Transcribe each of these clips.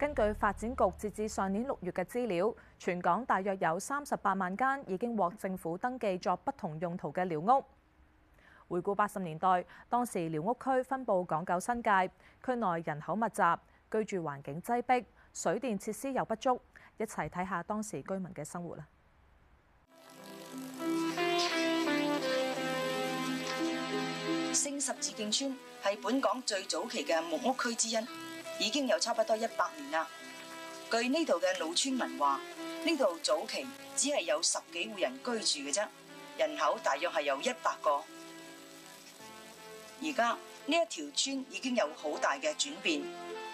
根據發展局截至上年六月嘅資料，全港大約有三十八萬間已經獲政府登記作不同用途嘅寮屋。回顧八十年代，當時寮屋區分佈港九新界，區內人口密集，居住環境擠迫，水電設施又不足。一齊睇下當時居民嘅生活啦。聖十字徑村係本港最早期嘅木屋區之一。已經有差不多一百年啦。據呢度嘅老村民話，呢度早期只係有十幾戶人居住嘅啫，人口大約係有一百個。而家呢一條村已經有好大嘅轉變，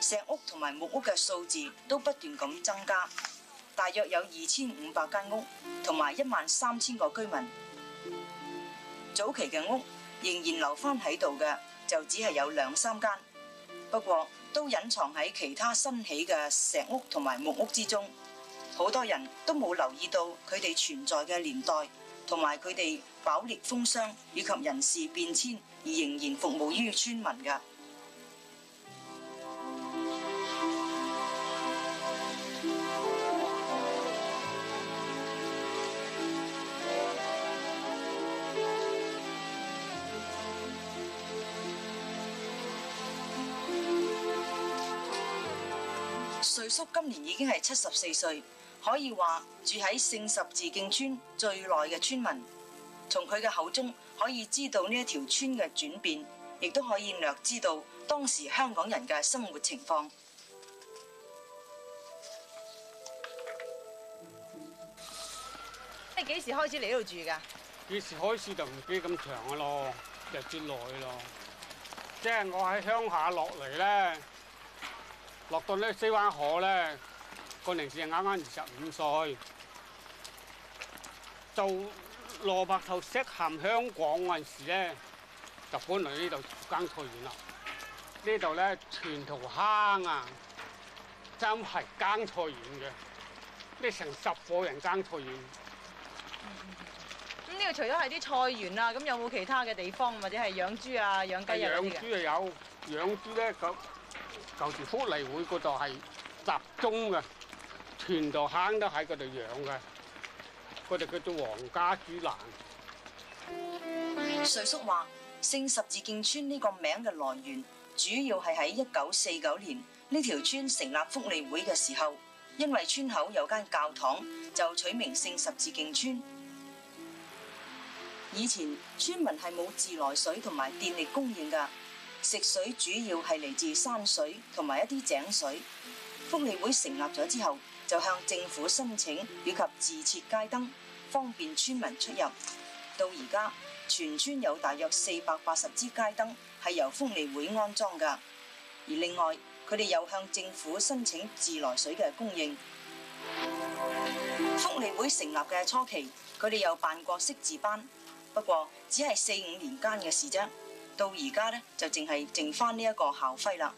石屋同埋木屋嘅數字都不斷咁增加，大約有二千五百間屋同埋一萬三千個居民。早期嘅屋仍然留翻喺度嘅，就只係有兩三間，不過，都隱藏喺其他新起嘅石屋同埋木屋之中，好多人都冇留意到佢哋存在嘅年代，同埋佢哋飽歷風霜以及人事變遷，而仍然服務於村民嘅。瑞叔今年已經係七十四歲，可以話住喺聖十字徑村最耐嘅村民。從佢嘅口中可以知道呢一條村嘅轉變，亦都可以略知道當時香港人嘅生活情況。你幾時開始嚟呢度住噶？幾時開始就唔知咁長噶咯，日之耐咯。即係我喺鄉下落嚟咧。落到呢西灣河咧，個年紀啊啱啱二十五歲，做蘿蔔頭識行香港嗰陣時咧，就搬嚟呢度耕菜園啦。呢度咧全土坑啊，真係耕菜園嘅，咩成十個人耕菜園。咁呢度除咗係啲菜園啊，咁有冇其他嘅地方或者係養豬啊、養雞有冇？養豬又有，養豬咧咁。舊時福利會嗰度係集中嘅，全都坑都喺嗰度養嘅，佢哋叫做皇家豬欄。瑞叔話：聖十字徑村呢個名嘅來源，主要係喺一九四九年呢條、這個、村成立福利會嘅時候，因為村口有間教堂，就取名聖十字徑村。以前村民係冇自來水同埋電力供應㗎。食水主要係嚟自山水同埋一啲井水。福利會成立咗之後，就向政府申請以及自設街燈，方便村民出入。到而家，全村有大約四百八十支街燈係由福利會安裝㗎。而另外，佢哋又向政府申請自來水嘅供應。福利會成立嘅初期，佢哋又辦過識字班，不過只係四五年間嘅事啫。到而家咧，就淨係淨翻呢一個校徽啦。